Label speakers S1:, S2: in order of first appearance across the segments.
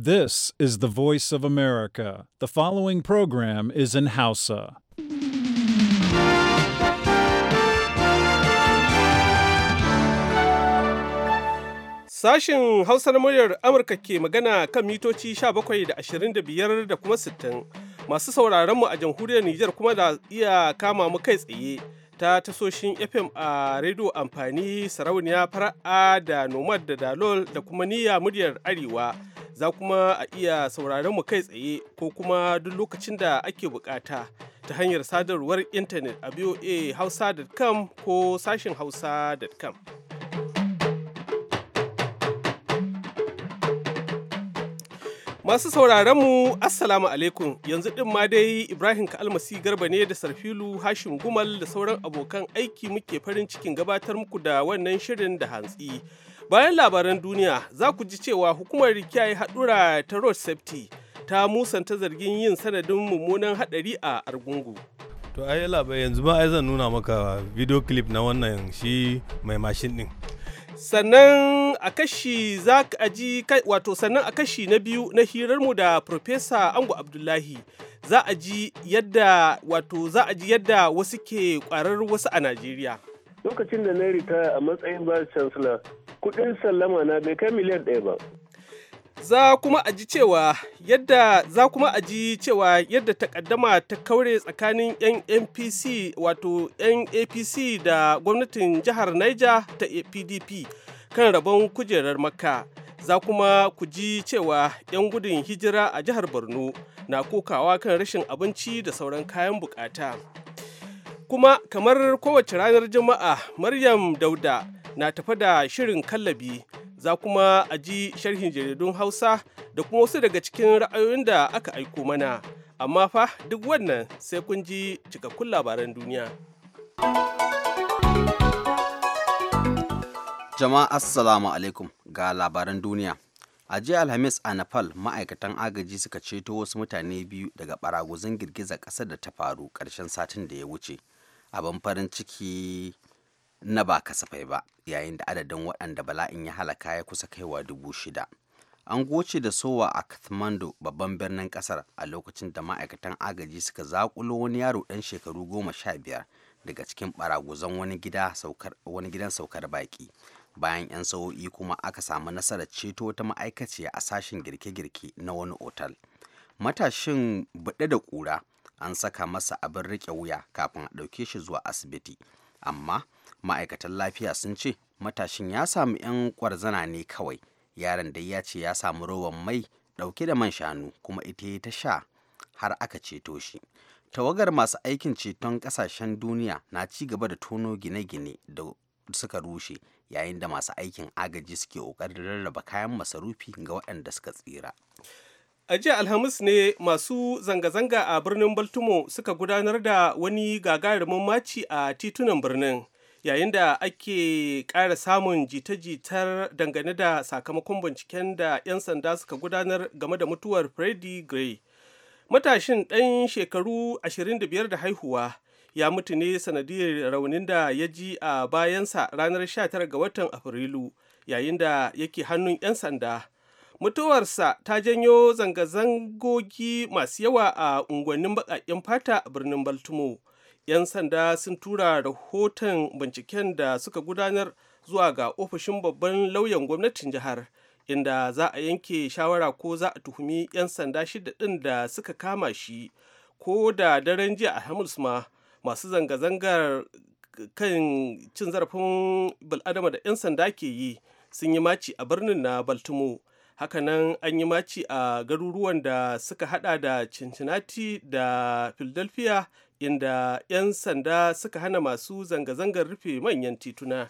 S1: This is the voice of America. The following program is in Hausa.
S2: Sashen Hausa na muryar Amurka ke magana kan mitoci 17 da 25 da kuma 60. Masu sauraronmu a jamhuriyar Nijar kuma da iya kama mu kai tsaye ta tasoshin FM a rediyo amfani sarauniya fara'a da nomad da dalol da kuma niyya muryar arewa. za kuma a iya sauraron mu kai tsaye ko kuma duk lokacin da ake bukata ta hanyar sadarwar intanet a voa hausa.com ko sashin hausa.com. Masu sauraron mu Assalamu alaikum yanzu ɗin ma dai Ibrahim Kalmasi Garba ne da Sarfilu Hashim Gumal da sauran abokan aiki muke farin cikin gabatar muku da wannan shirin da hantsi. Bayan labaran duniya za ku ji cewa hukumar kiyaye haɗura ta road safety ta musanta zargin yin sanadin mummunan haɗari a Argungu.
S1: To ai labai yanzu ba ai zan nuna maka video clip na wannan shi mai mashin ɗin. sannan a
S2: kashi za ka aji wato sannan a kashi na biyu na hirarmu da Profesa Ango Abdullahi za ji yadda wato za a ji yadda wasu ke kwarar
S3: wasu a Najeriya. lokacin da na ritaya a matsayin vice chancellor kuɗin sallama na bai kai miliyan ɗaya ba
S2: za kuma aji ji cewa yadda za kuma aji cewa yadda takaddama ta kaure tsakanin yan npc wato yan apc da gwamnatin jihar niger ta pdp kan rabon kujerar makka za kuma ku ji cewa 'yan gudun hijira a jihar borno na kokawa kan rashin abinci da sauran kayan bukata Kuma kamar kowace ranar jama'a Maryam Dauda na tafa da shirin kallabi za kuma a ji sharhin jaridun Hausa da kuma wasu daga cikin ra'ayoyin da aka aiko mana. Amma fa duk wannan sai kun ji cikakkun labaran duniya.
S4: Jama'a Assalamu alaikum ga labaran duniya. A jiya Alhamis a Nepal ma'aikatan agaji suka ceto wasu mutane biyu daga baraguzin girgizar ƙasar da ta faru ƙarshen satin da ya wuce. abin farin ciki na ba kasafai ba yayin da adadin waɗanda bala'in ya halaka ya kusa kaiwa dubu shida an goce da sowa a kathmandu babban birnin kasar a lokacin da ma'aikatan agaji suka zaƙulo wani yaro ɗan shekaru goma sha biyar daga cikin baraguzan wani gidan saukar baƙi, bayan 'yan sa'o'i kuma aka samu nasarar ceto ta ma'aikaciya a sashen girke-girke na wani otal matashin buɗe da ƙura an saka masa abin riƙe wuya kafin a ɗauke shi zuwa asibiti amma ma'aikatan lafiya sun ce matashin ya samu 'yan kwarzana ne kawai yaron dai ya ce ya samu rowan mai ɗauke da man shanu kuma ita ta sha har aka ceto shi tawagar masu aikin ceton ƙasashen duniya na ci gaba da tono gine-gine da suka rushe yayin da masu aikin agaji suke ƙoƙarin rarraba kayan masarufi ga waɗanda suka tsira A jiya Alhamis ne
S2: masu zanga-zanga a birnin Baltimore suka gudanar da wani gagarumin maci a titunan birnin yayin da ake ƙara samun jita-jitar dangane da sakamakon binciken da 'yan sanda suka gudanar game da mutuwar Freddie Gray. Matashin ɗan shekaru 25 da haihuwa ya mutu ne sanadiyar raunin da ya ji a bayansa ranar 19 ga watan Afrilu yayin da yake hannun 'yan sanda. mutuwarsa ta janyo zanga-zangogi masu yawa a unguwannin baƙaƙen fata a birnin baltimore 'yan sanda sun tura rahoton binciken da suka gudanar zuwa ga ofishin babban lauyan gwamnatin jihar inda za a yanke shawara ko za a tuhumi 'yan sanda shida ɗin da suka kama shi ko da daren jiya a ma masu zanga-zangar kan cin zarafin bil'adama da 'yan sanda ke yi sun yi maci a birnin na baltimore hakanan an yi maci a garuruwan da suka hada da cincinnati da philadelphia inda 'yan sanda suka hana masu zanga-zangar rufe manyan tituna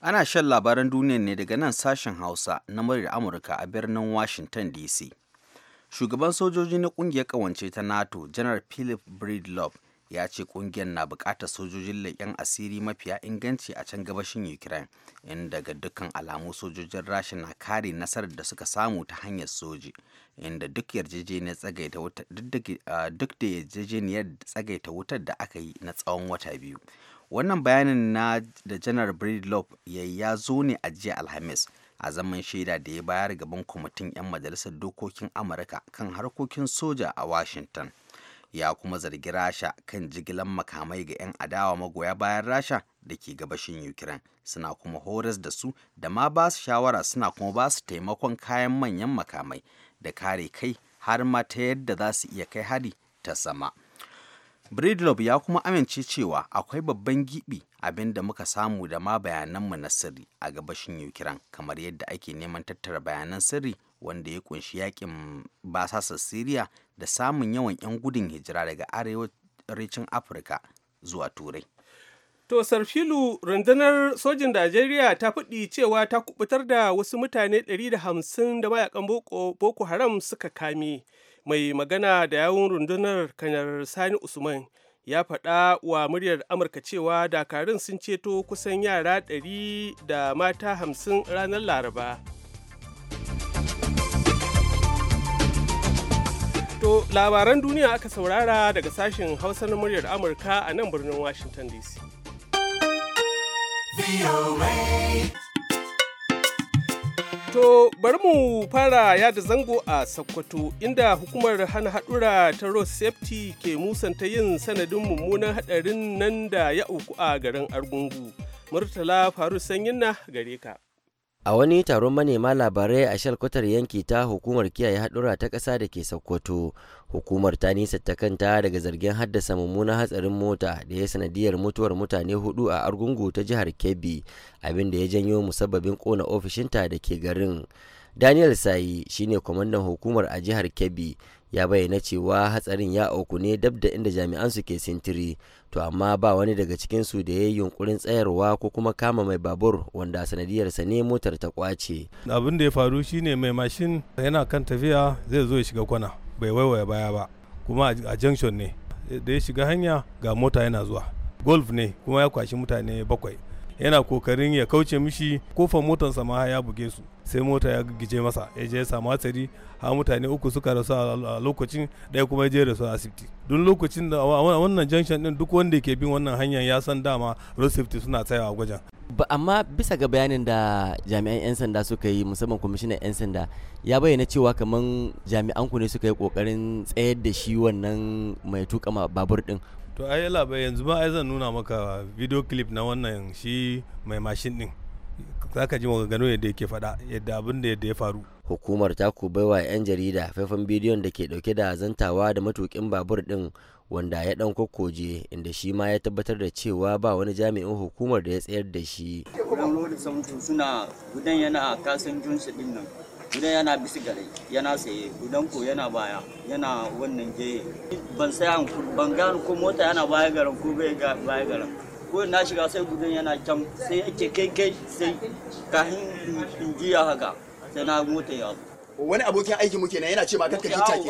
S4: ana shan labaran duniya ne daga nan sashen hausa na muryar amurka a birnin washington dc shugaban sojoji na kungiyar kawance ta nato janar philip breedlove ya ce kungiyar na bukatar sojojin leƙen asiri mafiya inganci a can gabashin ukraine inda ga dukkan alamu sojojin rasha na kare nasarar da suka samu ta hanyar soji inda duk yarjejeniyar tsagaita wutar da yarjejeniyar tsagaita wutar da aka yi na tsawon wata biyu wannan bayanin na da janar breedlove ya zo ne a jiya alhamis a zaman shaida da ya bayar gaban kwamitin 'yan majalisar dokokin amurka kan harkokin soja a washington ya kuma zargi rasha kan jigilan makamai ga 'yan adawa magoya bayan rasha da ke gabashin ukraine suna kuma horas da su da ma ba su shawara suna kuma ba su taimakon kayan manyan makamai da kare kai har ma ta yadda za su iya kai hari ta sama Breedlove ya kuma amince cewa akwai babban gibi abin da muka samu da ma bayananmu na sirri a gabashin Ukraine kamar yadda ake neman tattara bayanan sirri wanda ya kunshi yakin basasar Siriya da samun yawan 'yan gudun hijira daga arewacin Afirka zuwa Turai.
S2: To Sarfilu rundunar sojin Najeriya ta faɗi cewa ta kubutar da wasu mutane 150 da mayakan Boko Haram suka kame. Mai magana da yawun rundunar kanar Sani Usman ya faɗa wa muryar Amurka cewa dakarun sun ceto kusan yara 100 da mata 50 ranar Laraba. To labaran duniya aka saurara daga sashen Hausa na muryar Amurka a nan birnin Washington DC. To bari mu fara yada zango a Sokoto inda hukumar hana haɗura ta Road Safety ke musanta yin sanadin mummunan haɗarin nan da ya uku a garin Argungu. Murtala Faru Sanyin na gare ka.
S5: A wani taron manema labarai a shalkwatar yanki ta hukumar kiyaye haɗura ta ƙasa da ke Sokoto, hukumar ta nisa ta kanta daga zargin haddasa mummunan hatsarin mota da ya sanadiyar mutuwar mutane hudu a Argungu ta jihar Kebbi, abin da ya janyo musabbabin kona ofishinta da ke garin. Daniel Sayi shine kwamandan hukumar a jihar Kebbi ya bayyana cewa hatsarin ya auku ne dab da inda jami'an su ke sintiri to amma ba wani daga cikinsu da ya yi yunkurin tsayarwa ko kuma kama mai babur wanda sanadiyarsa ne motar ta kwace
S1: abin da ya faru shine mai mashin yana kan tafiya zai zo ya shiga kwana bai waiwaya baya ba kuma a junction ne da ya shiga hanya ga mota yana zuwa golf ne kuma ya kwashi mutane bakwai yana kokarin ya kauce mishi kofar motarsa ma ya buge su sai mota ya gije masa ya je samu hatsari har mutane uku suka rasu a lokacin ɗaya kuma ya je rasu a asibiti don lokacin da a wannan junction din duk wanda ke bin wannan hanyar ya san dama road safety suna tsayawa gwajin
S5: ba amma bisa ga bayanin da jami'an 'yan sanda suka yi musamman kwamishinan 'yan sanda ya bayyana cewa kamar jami'an ku ne suka yi kokarin tsayar da shi wannan mai tuka babur din
S1: to ai labai yanzu ma ai zan nuna maka video clip na wannan shi mai mashin din zaka ji gano yadda yake faɗa yadda abin da yadda ya faru
S5: hukumar ta ku wa 'yan jarida faifan bidiyon da ke dauke da zantawa da matukin babur din wanda ya dan kokkoje inda shi ma ya tabbatar da cewa ba wani jami'in hukumar da ya tsayar da shi suna gudan yana kasan junsu din nan gudan yana bisi gare yana saye gudan ko yana baya yana wannan jeye ban saya ban gano ko mota yana baya garin ko bai baya garin ko na shiga sai gudan yana can sai yake kai kai sai kahin injiya haka sai na mota ya zo
S4: wani abokin aiki muke na yana ce ma kanka hita eh,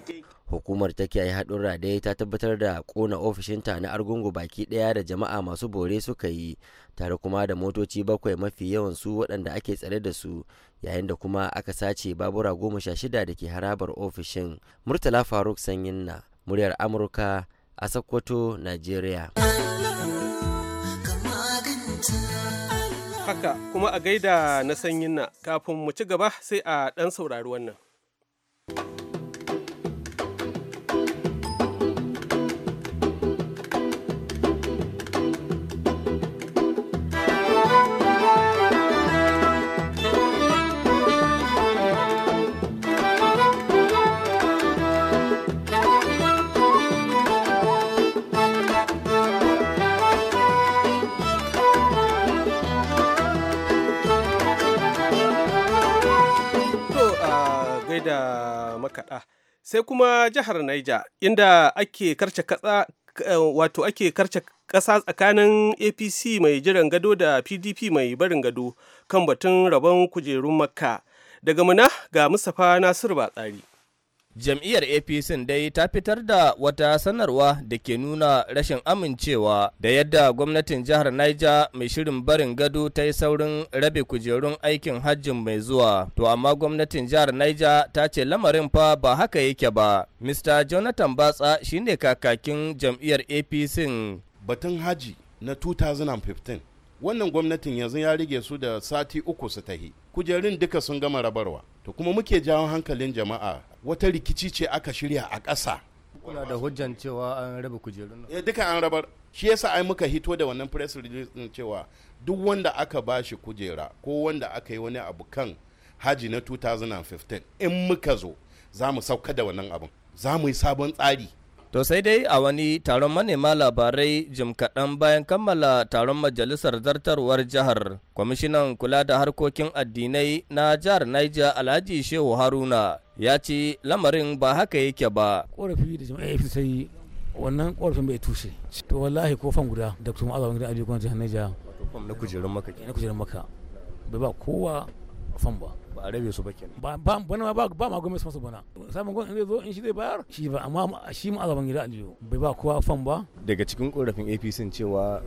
S6: ke
S5: hukumar ta kiyaye haɗin dai ta tabbatar da kona ofishinta na argungu baki ɗaya da jama'a masu bore suka yi tare kuma da motoci bakwai mafi yawan su waɗanda ake tsare da su yayin da kuma aka sace babura goma sha shida da ke harabar ofishin murtala faruk sanyin na muryar amurka a sokoto
S2: nigeria haka kuma a gaida na sanyin na kafin mu ci gaba sai a ɗan saurari wannan. da makaɗa. Sai kuma jihar Niger inda ake karce katsa eh, wato ake karce ƙasa tsakanin APC mai jiran gado da PDP mai barin gado kan batun rabon kujerun Makka. Daga muna ga Mustapha Nasiru Batsari.
S7: Jam'iyyar APC dai ta fitar da wata sanarwa da ke nuna rashin amincewa da yadda gwamnatin jihar Naija mai shirin barin gado ta yi saurin rabe kujerun aikin hajjin mai zuwa. To amma gwamnatin jihar Naija ta ce lamarin fa ba haka yake ba. Mr. Jonathan Batsa shine kakakin jam'iyyar APC.
S8: Batun haji na 2015 wannan gwamnatin yanzu ya rige su da sati uku su tahi kujerun duka sun gama rabarwa to kuma muke jawo hankalin jama'a wata rikici ce aka shirya a ƙasa
S7: kuna da hujjan cewa an raba kujerun nan
S8: eh, duka an rabar shi yasa ai muka hito da wannan press release cewa duk wanda aka bashi kujera ko wanda aka yi wani abu kan haji na 2015 in muka zo za mu sauka da wannan abun za mu yi sabon tsari To sai dai a wani taron manema
S7: labarai jim kaɗan bayan kammala taron majalisar zartarwar jihar, kwamishinan kula da harkokin addinai na jihar Niger Alhaji Shehu Haruna ya ce lamarin ba haka yake ba
S1: korafi da jama'a ya fi sai wannan ƙorafin bai tushe to wallahi ko fan guda da kuma azaban gidan ajiyar gwamnati hannun na kujerun maka na kujerun maka bai ba kowa fan ba ba a rabe su ba kenan ba ba bana ba ba ma gwamnati masu bana samun gwamnati zai zo in shi zai bayar shi ba amma shi ma azaban gidan aliyu bai ba kowa fan ba daga cikin
S7: korafin apc cewa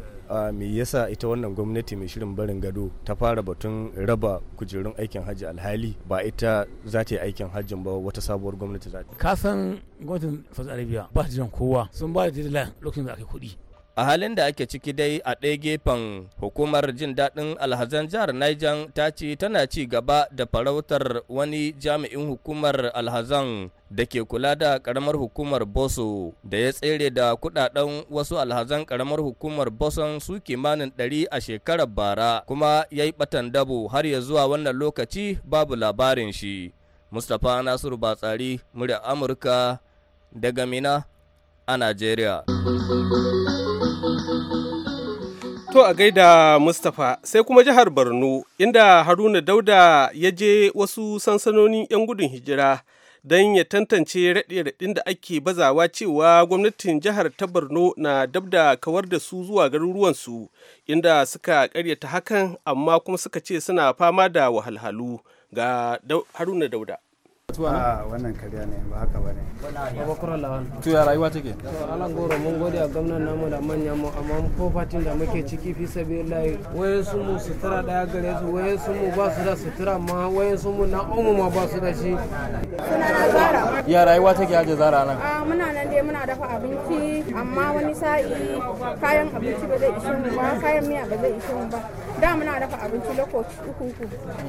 S7: me yasa ita wannan gwamnati mai shirin barin gado ta fara batun raba kujerun aikin hajji alhali ba ita za ta yi aikin hajjin ba wata sabuwar gwamnati za ta kasan
S1: gwamnatin fasa arabiya ba ta jan kowa sun ba da deadline lokacin da aka kuɗi
S7: a halin da ake ciki dai a ɗaya gefen hukumar jin daɗin alhazan jihar niger ta ce tana ci gaba da farautar wani jami'in hukumar alhazan da ke kula da ƙaramar hukumar boso da ya tsere da kudaden wasu alhazan ƙaramar hukumar boson su kimanin ɗari a shekarar bara kuma ya yi ɓatan dabo har ya zuwa wannan lokaci babu labarin shi mustapha nasiru batsari murya amurka daga mina a Najeriya. To a gaida Mustapha sai kuma jihar Borno
S2: inda Haruna Dauda ya je wasu sansanonin 'yan gudun hijira don ya tantance raɗe-raɗin da ake bazawa cewa gwamnatin jihar ta Borno na dab da kawar da su zuwa garuruwansu inda suka karyata hakan amma kuma suka ce suna fama da wahalhalu ga Haruna Dauda.
S1: tuwa wannan karya
S7: ne ba haka ba ne
S1: babakura lawan to rayuwa take to alan goro mun gode a gwamnan namu da manyan mu amma kofatin da muke ciki fi sabi layi wayan su mu sutura daya gare su wayan su mu ba su da sutura ma wayan su mu na umu ma ba su da shi
S9: sunana
S2: zara ya rayuwa take aje zara nan
S9: ah, muna nan dai muna dafa abinci amma wani sa'i kayan abinci ba zai ishe mu ba kayan miya ba zai ishe mu ba da muna dafa abinci lokaci uku uku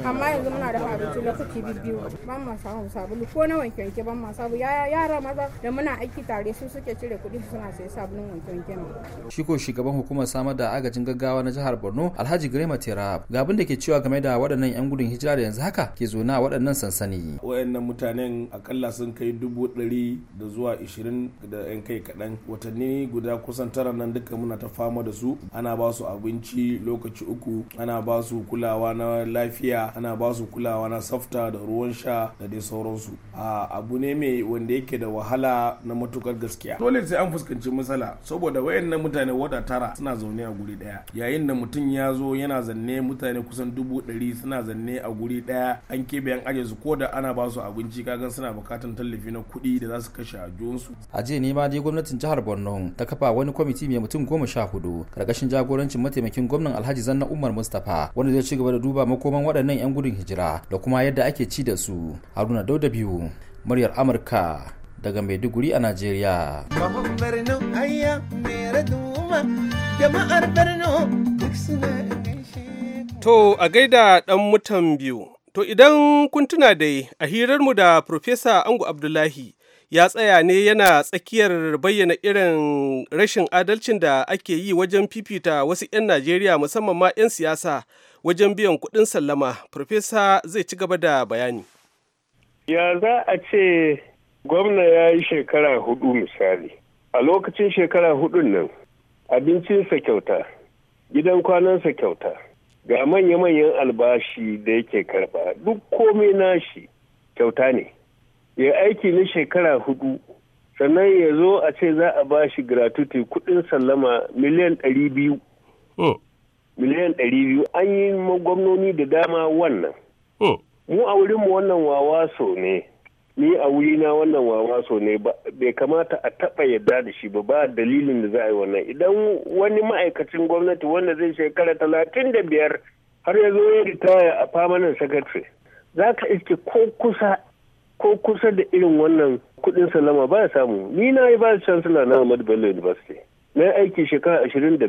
S9: amma yanzu muna dafa abinci lokaci biyu ban ma samu sabulu ko na wanke wanke ban ma sabu yara maza da muna aiki tare su suke cire kuɗi suna sayi sabulun wanke wanke ne
S4: shi ko shugaban hukumar samar da agajin gaggawa na jihar Borno Alhaji Grema Terab ga abin da ke cewa game da waɗannan yan gudun hijira da yanzu haka ke zona waɗannan sansani
S1: wayannan mutanen akalla sun
S2: kai dubu ɗari da zuwa ishirin da yan kai kaɗan watanni guda kusan tara nan duka muna ta fama da su ana ba su abinci lokaci uku ana ba su kulawa na lafiya ana ba su kulawa na safta da ruwan sha da dai sauransu a abu ne mai wanda yake da wahala na matukar gaskiya dole sai an fuskanci matsala saboda wayannan mutane wata tara suna zaune a guri daya yayin da mutum ya zo yana zanne mutane kusan dubu ɗari suna zanne a guri daya an keɓe an aje su ko da ana ba su abinci kaga suna bukatan tallafi na kuɗi da za su kashe a su
S4: a jiya ne ma dai gwamnatin jihar borno ta kafa wani kwamiti mai mutum goma sha hudu karkashin jagorancin mataimakin gwamnan alhaji zanna umar Umar Mustapha wanda zai ci gaba da duba makoman waɗannan 'yan gudun hijira da kuma yadda ake ci da su. Haruna Dauda biyu muryar Amurka daga Maiduguri a Najeriya. To a gaida
S2: ɗan mutan biyu. To idan kun tuna dai a hirarmu da Profesa Angu Abdullahi ya tsaya ne yana tsakiyar bayyana irin rashin adalcin da ake yi wajen fifita wasu 'yan najeriya musamman ma 'yan siyasa wajen biyan kuɗin sallama farfesa zai ci gaba da bayani
S3: ya za a ce gwamna ya yi shekara hudu misali a lokacin shekara hudun nan abincinsa kyauta gidan kwanansa kyauta ga manya-manyan albashi da yake karba duk komai nashi kyauta ne ya aiki na shekara hudu sannan ya zo a ce za a ba shi gratuity kudin sallama miliyan ɗari biyu oh. miliyan ɗari biyu an yi gwamnoni da dama wannan oh. mu a wurinmu wannan wawa so ne ni a wurina wannan wawa so ne bai kamata a taɓa yadda da shi ba ba dalilin da za a yi wannan idan wani ma'aikacin gwamnati wanda zai shekara talatin da biyar har ya zo ya ritaya a famanin sakatare za ka iske ko kusa ko kusa da irin wannan kuɗin salama ba ya samu ni na yi ba chancellor na Ahmadu Bello University na yi aiki shekara ashirin da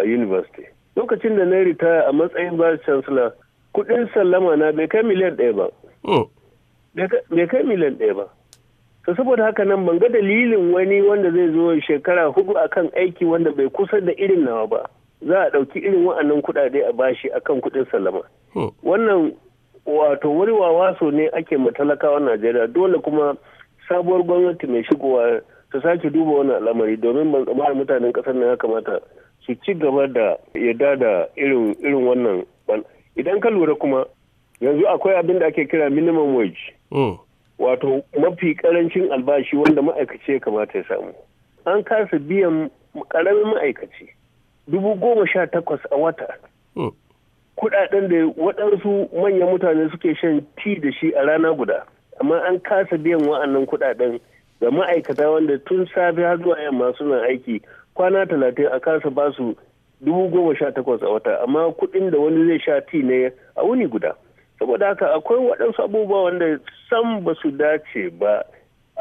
S3: a university lokacin da na yi ritaya a matsayin ba chancellor kuɗin salama na bai kai miliyan ɗaya ba oh. bai kai miliyan ɗaya ba to saboda haka nan ban ga dalilin wani wanda zai zo shekara hudu akan aiki wanda bai kusa da irin nawa ba za a ɗauki irin wa'annan kuɗaɗe a bashi akan kuɗin salama. Oh. wannan wato wurwawa waso ne ake matalakawa najeriya dole kuma sabuwar gwamnati mai shigowa ta sake duba wani al'amari domin ban tsammanin mutanen kasar na ya kamata su ci gaba da yarda da irin irin wannan idan ka lura kuma yanzu akwai abin da ake kira minimum wage mm. wato mafi karancin albashi wanda ma'aikaci ya kamata ya samu an kasa biyan karamin ma'aikaci dubu goma sha takwas a wata mm. kudaden da waɗansu manyan mutane suke shan ti da shi a rana guda amma an kasa biyan wa'annan kudaden ga ma'aikata wanda tun safe har zuwa yamma suna aiki kwana talatin a kasa ba su dubu goma sha takwas a wata amma kuɗin da wani zai sha ti ne a wuni guda saboda haka akwai waɗansu abubuwa wanda sam ba su dace ba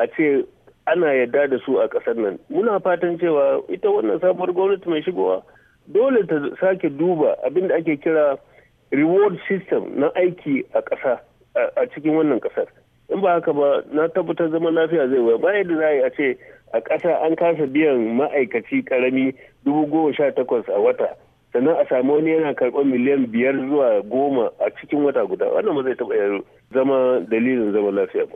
S3: a ce ana yarda da su a ƙasar nan muna fatan cewa ita wannan sabuwar gwamnati mai shigowa dole ta sake duba abin da ake kira reward system na aiki a ƙasa a cikin wannan ƙasar in ba haka ba na tabbatar zaman lafiya zai waya ba yadda za a ce a kasa an kasa biyan ma'aikaci karami dubu goma sha takwas a wata sannan a samu wani yana karɓar miliyan biyar zuwa goma a cikin wata guda wannan ba zai taɓa zama dalilin zaman lafiya ba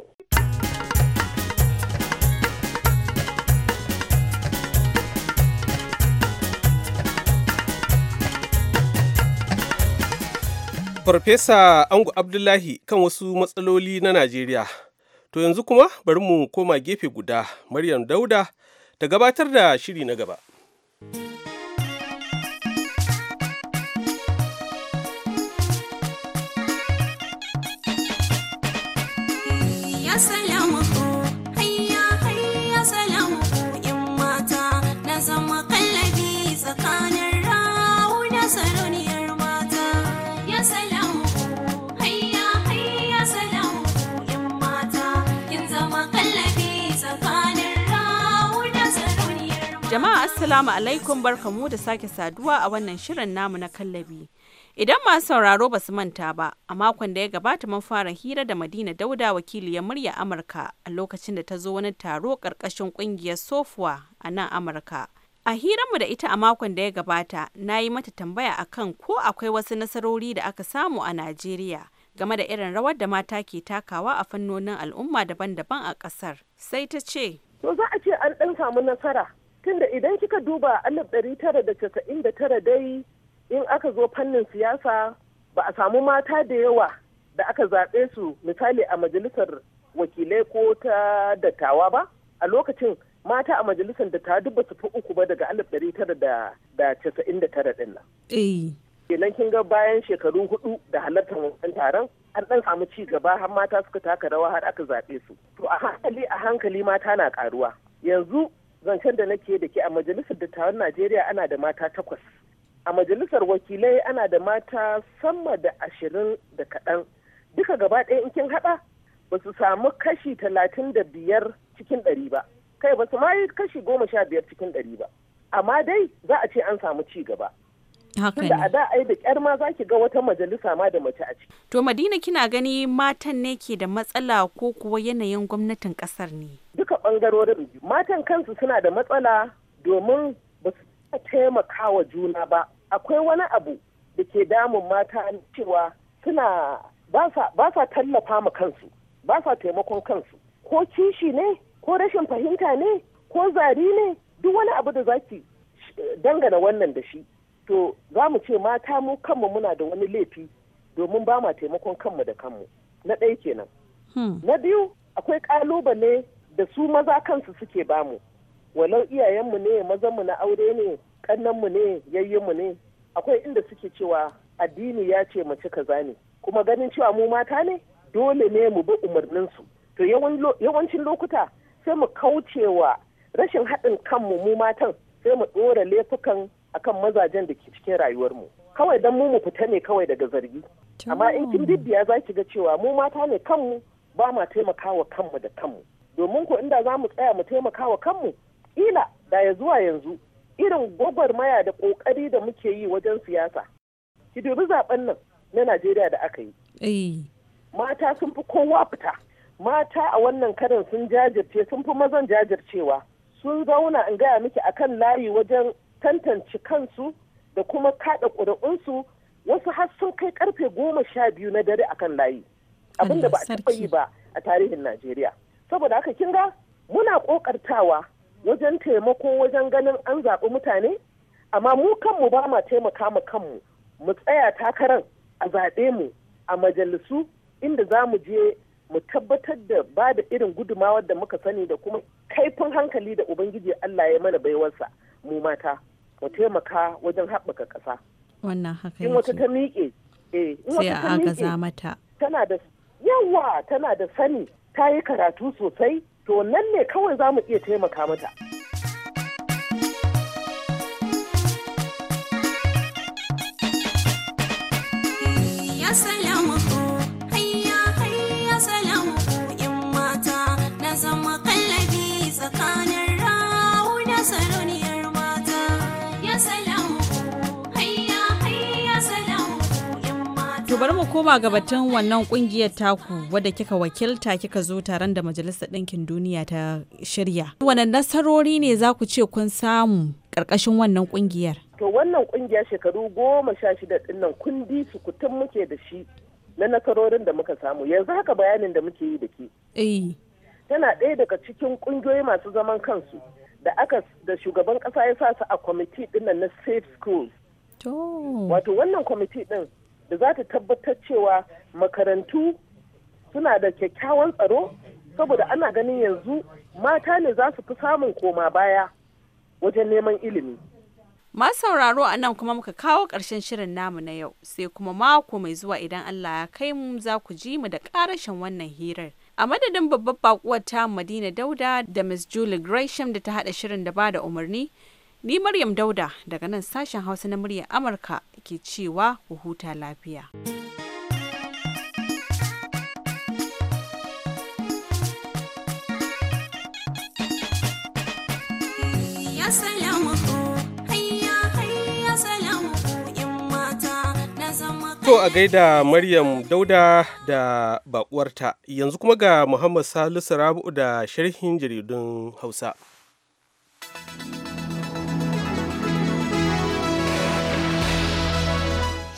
S2: Farfesa Angu Abdullahi kan wasu matsaloli na Najeriya. To yanzu kuma bari mu koma gefe guda, Maryam Dauda ta gabatar da shiri na gaba.
S9: Assalamu alaikum barkamu da sake saduwa a wannan shirin namu na kallabi. Idan masu sauraro ba su manta ba, a makon da ya gabata mun fara hira da Madina Dauda wakiliyar murya Amurka a lokacin da ta zo wani taro ƙarƙashin ƙungiyar Sofuwa a nan Amurka. A hiranmu da ita a makon da ya gabata, na yi mata tambaya a kan ko akwai wasu nasarori da aka samu a Najeriya. game da irin rawar da mata ke takawa a fannonin al'umma daban-daban a ƙasar. Sai ta ce,
S6: To za a ce an ɗan samu nasara tunda idan kika duba alif ɗari tara da casa'in da tara dai in aka zo fannin siyasa ba a samu mata da yawa da aka zaɓe su misali a majalisar wakilai ko ta dattawa ba a lokacin mata a majalisar dattawa ta duba su uku ba daga alif ɗari tara da casa'in da tara ɗin nan. Eh. kenan kin ga bayan shekaru hudu da halartar wannan taron an dan samu ci gaba har mata suka taka rawa har aka zaɓe su to a hankali a hankali mata na karuwa yanzu zancen da nake da ke a majalisar dattawan najeriya ana da mata takwas a majalisar wakilai ana da mata sama da ashirin da kaɗan duka gaba ɗaya in kin haɗa ba su samu kashi talatin da biyar cikin ɗari ba kai ba su ma yi kashi goma sha biyar cikin ɗari ba amma dai za a ce an samu ci gaba Tunda a da ai da kyar ma za ki ga wata majalisa ma da mace
S9: a ciki. To Madina kina gani matan ne ke da matsala ko kuwa yanayin gwamnatin ƙasar ne?
S6: ɓangarorin matan kansu suna da matsala domin ba su taimaka wa juna ba akwai wani abu da ke damun mata cewa suna ba sa tallafa ma kansu ba sa taimakon kansu ko kishi ne ko rashin fahimta ne ko zari ne duk wani abu da zaki dangana wannan da shi to za mu ce mata mu kanmu muna da wani laifi domin ba ma taimakon kanmu da kanmu na ɗaya kenan hmm. na biyu akwai ƙalubale da su maza kansu suke bamu walau iyayenmu ne mazanmu na aure ne kannanmu ne yayyenmu ne akwai inda suke cewa addini ya ce mace kaza ne kuma ganin cewa mu mata ne dole ne mu bi umarninsu to yawancin lokuta sai mu kaucewa rashin haɗin kanmu mu matan sai mu ɗora laifukan akan mazajen da ke cikin rayuwarmu kawai don mu mu fita ne kawai daga zargi amma in kin bibbiya zaki ga cewa mu mata ne kanmu ba ma taimakawa kanmu da kanmu domin ko inda za mu tsaya mu taimaka wa kanmu ila da ya zuwa yanzu irin gwagwarmaya da kokari da muke yi wajen siyasa ki dubi zaben nan na najeriya da aka yi eh. mata sun fi kowa fita mata a wannan karin sun jajirce sun fi mazan jajircewa sun zauna in gaya miki akan layi wajen tantance kansu da kuma kada ƙuri'unsu wasu har sun kai karfe goma sha biyu na dare akan layi abinda ba a taɓa yi ba a tarihin najeriya saboda haka kin ga muna kokartawa wajen taimako wajen ganin an zaɓi mutane amma mu kanmu ba ma taimaka ma kanmu mu tsaya takaran a zaɓe mu a majalisu inda za mu je mu tabbatar da ba da irin gudumawar da muka sani da kuma kaifin hankali da ubangiji Allah ya mana baiwarsa mu mata mu taimaka wajen haɓaka ƙasa.
S9: Wannan haka In wata ta
S6: miƙe, eh, in wata ta miƙe. Tana da yawa tana da sani ta yi karatu sosai to nan ne kawai za mu iya taimaka mata.
S9: koma ga batun wannan kungiyar taku wadda kika wakilta kika zo taron da Majalisar Ɗinkin Duniya ta shirya. Wane nasarori ne za ku ce kun samu ƙarƙashin wannan kungiyar?
S6: To wannan kungiyar shekaru goma sha shida ɗin nan kundi sukutun muke da shi na nasarorin da muka samu yanzu haka bayanin da muke yi da ke. Eh. Tana ɗaya daga cikin ƙungiyoyi masu zaman kansu da aka da shugaban ƙasa ya sa su a kwamiti ɗin na Safe Schools.
S9: Wato
S6: wannan kwamiti ɗin da za ta tabbatar cewa makarantu suna da kyakkyawan tsaro saboda ana ganin yanzu mata ne za su fi samun koma baya wajen neman ilimi.
S9: Masu sauraro a nan kuma muka kawo ƙarshen shirin namu na yau sai kuma mako mai zuwa idan Allah ya kai mu za ku ji mu da ƙarashin wannan hirar. A madadin babbar bakuwar ta Madina Dauda da Miss Julie Gresham da ta haɗa shirin da ba da umarni, Ni Maryam Dauda daga nan sashen Hausa na muryar Amurka ke cewa ku huta lafiya.
S2: To a gaida Maryam Dauda da bakuwarta yanzu kuma ga Muhammad Salisu Rabu da sharhin jaridun Hausa.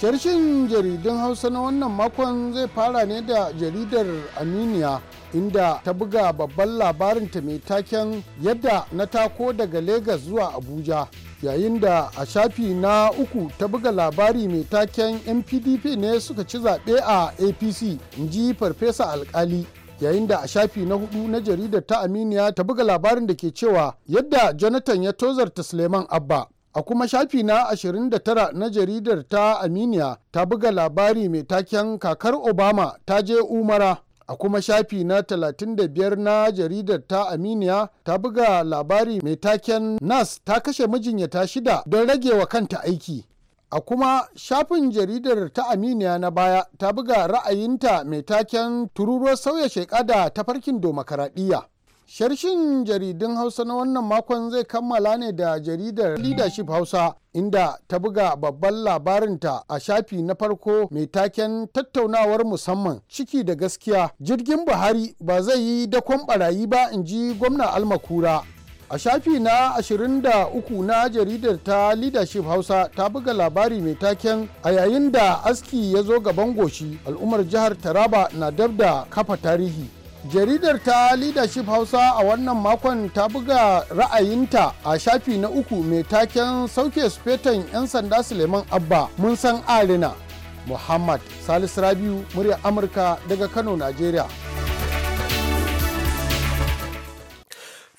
S8: Sharshin jaridun Hausa na wannan makon zai fara ne da jaridar Aminiya inda ta buga babban labarin ta mai taken yadda na tako daga Legas zuwa Abuja. Yayin da a shafi na uku ta buga labari mai taken NPDP ne suka ci zaɓe a APC, in ji Farfesa Alkali. yayin da a shafi na hudu na jaridar ta aminiya ta buga labarin da ke cewa yadda jonathan ya tozarta suleiman abba a kuma shafi na 29 na jaridar ta aminiya ta buga labari mai taken kakar obama ta je umara a kuma shafi na 35 na jaridar ta aminiya ta buga labari mai taken nas ta kashe mijinyata shida don rage wa kanta aiki a kuma shafin jaridar ta aminiya na baya ta buga ra'ayinta mai taken tururuwar sauya sheka da tafarkin domokaraɗiyya Sharshin jaridun Hausa na wannan makon zai kammala ne da jaridar Leadership Hausa inda ta buga babban labarinta a shafi na farko mai taken tattaunawar musamman ciki da gaskiya jirgin Buhari ba zai yi dakon barayi ba in ji gwamna Almakura. A shafi na 23 na jaridar ta Leadership Hausa ta buga labari mai taken a yayin da aski ya zo gaban goshi al'ummar jihar Taraba na dab da kafa tarihi. jaridar ta leadership hausa a wannan makon ta buga ra'ayinta a shafi na uku mai taken sauke sufetan 'yan sanda suleiman abba mun san arina muhammad salisu rabiu murya amurka daga kano nigeria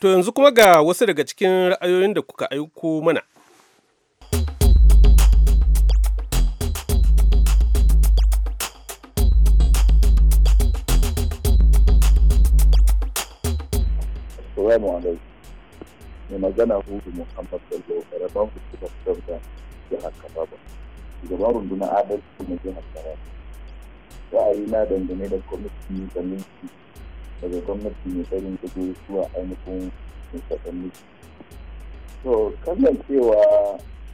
S2: to yanzu kuma ga wasu daga cikin ra'ayoyin da kuka aiko mana
S3: Assalamu alaikum. Mai magana Hudu Muhammad Bello, karaban
S6: ba Sanda jihar Kababa. Shugaban rundunar adalci na jihar Kababa. Ra'ayi na dangane da kwamitin da minti daga gwamnati mai tsarin gudu zuwa ainihin musaɗin miki. To, kallon cewa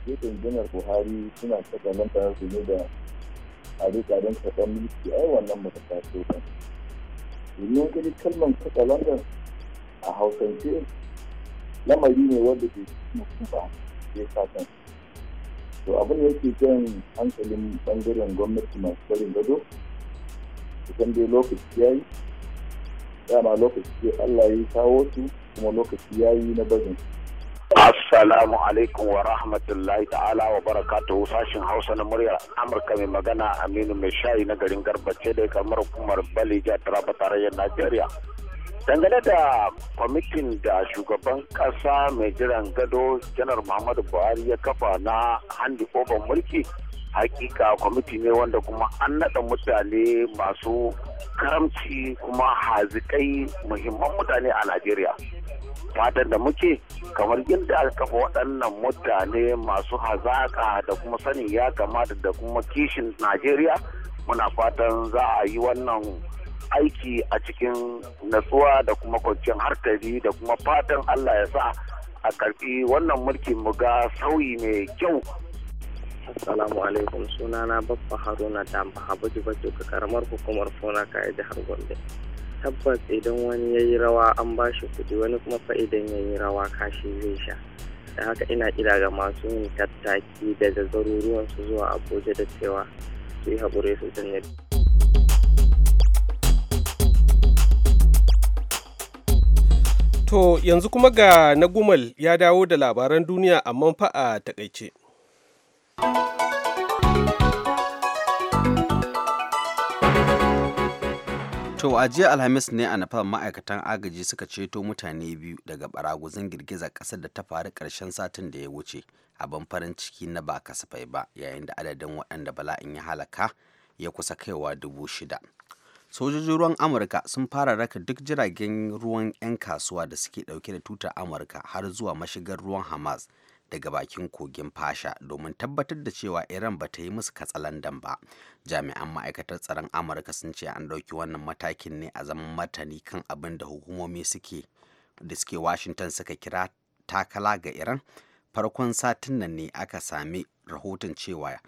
S6: gefen janar Buhari suna tsakalanta su ne da tsare-tsaren kaɗan mulki ai wannan ba ta ne ba. Domin gani kalmar a hausance lamari ne wanda ke cikin ba ya sa kan to abin da yake jan hankalin bangaren gwamnati masu farin gado kusan dai lokaci ya yi dama lokaci ya allah ya kawo
S3: su kuma lokaci ya yi na bazin Assalamu alaikum wa rahmatullahi ta'ala wa barakatu sashin Hausa na muryar Amurka mai magana Aminu mai shayi na garin Garbace da kamar hukumar Balija Taraba tarayyar Najeriya. dangane da kwamitin da shugaban kasa mai jiran gado janar muhammadu buhari ya kafa na handi oban mulki hakika kwamiti ne wanda kuma an naɗa mutane masu karamci kuma hazikai muhimman mutane a najeriya fatan da muke kamar yadda aka kafa waɗannan mutane masu hazaƙa da kuma sanin ya kamata da kuma kishin najeriya muna fatan za a yi wannan aiki a cikin natsuwa da kuma kwanciyar harkari da kuma fatan Allah ya sa a karɓi wannan mulkin mu ga sauyi mai kyau Assalamu alaikum sunana babba Haruna da Habuji Bajo ga
S6: karamar hukumar Fona ka jihar Gombe. Tabbas idan wani ya yi rawa an ba shi kuɗi wani kuma fa idan ya yi rawa kashi zai sha. Da haka ina kira ga masu yin tattaki daga garuruwansu zuwa Abuja da cewa su yi haƙuri su janye
S2: To yanzu kuma ga na gumal ya dawo da labaran duniya amma fa a takaice.
S4: To a jiya Alhamis ne a nafa ma'aikatan agaji suka ceto mutane biyu daga baraguzin girgizar ƙasar da ta faru ƙarshen satin da ya wuce a abin farin ciki na ba kasafai ba yayin da adadin waɗanda bala'in ya halaka ya kusa kaiwa dubu shida. sojojin ruwan amurka sun fara raka duk jiragen ruwan 'yan kasuwa da suke dauke da tutar amurka har zuwa mashigar ruwan hamas daga bakin kogin fasha domin tabbatar da cewa iran ba ta yi musu katsalandan ba jami'an ma'aikatar tsaron amurka sun ce an ɗauki wannan matakin ne a zaman matani kan abin da hukumomi suke da suke washington suka kira takala ga iran farkon satin nan ne aka sami rahoton cewa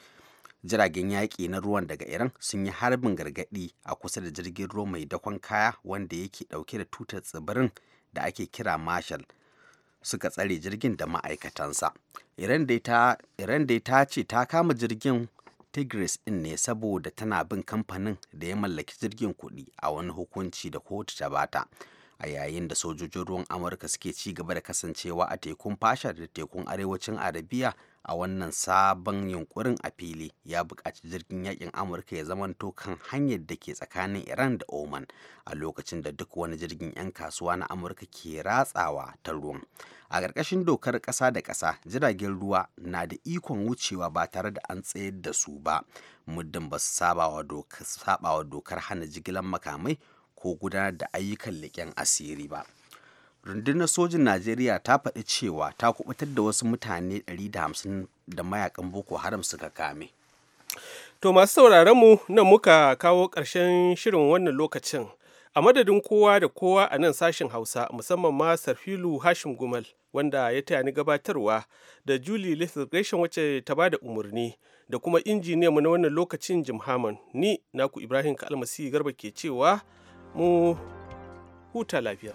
S4: jiragen yaƙi na ruwan daga iran sun yi harbin gargaɗi a kusa da jirgin ruwa mai dakon kaya wanda yake ɗauke da tutar tsibirin da ake kira marshal suka tsare jirgin da ma'aikatansa iran da ta ce ta kama jirgin tigris din ne saboda tana bin kamfanin da ya mallaki jirgin kuɗi a wani hukunci da kotu ta bata a yayin da sojojin ruwan amurka suke ci gaba da kasancewa a tekun fashar da tekun arewacin arabiya a wannan sabon yunkurin a fili ya buƙaci jirgin yakin amurka ya zamanto kan hanyar da ke tsakanin iran da oman a lokacin da duk wani jirgin 'yan kasuwa na amurka ke ratsawa ta ruwan a ƙarƙashin dokar ƙasa da ƙasa jiragen ruwa na da ikon wucewa ba tare da an tsayar da su ba muddin ba su sabawa dokar hana jigilar makamai ko gudanar da ayyukan leƙen asiri ba. rundunar sojin najeriya ta faɗi cewa ta kubutar da wasu mutane 150 da mayakan boko haram suka kame to masu sauraron mu nan muka
S2: kawo ƙarshen shirin wannan lokacin a madadin kowa da kowa a nan sashen hausa musamman ma sarfilu hashim gumal wanda ya taya ni gabatarwa da julie lithogration wacce ta ba da umarni da kuma mu na wannan lokacin jim haman ni naku ibrahim kalmasi garba ke cewa mu huta lafiya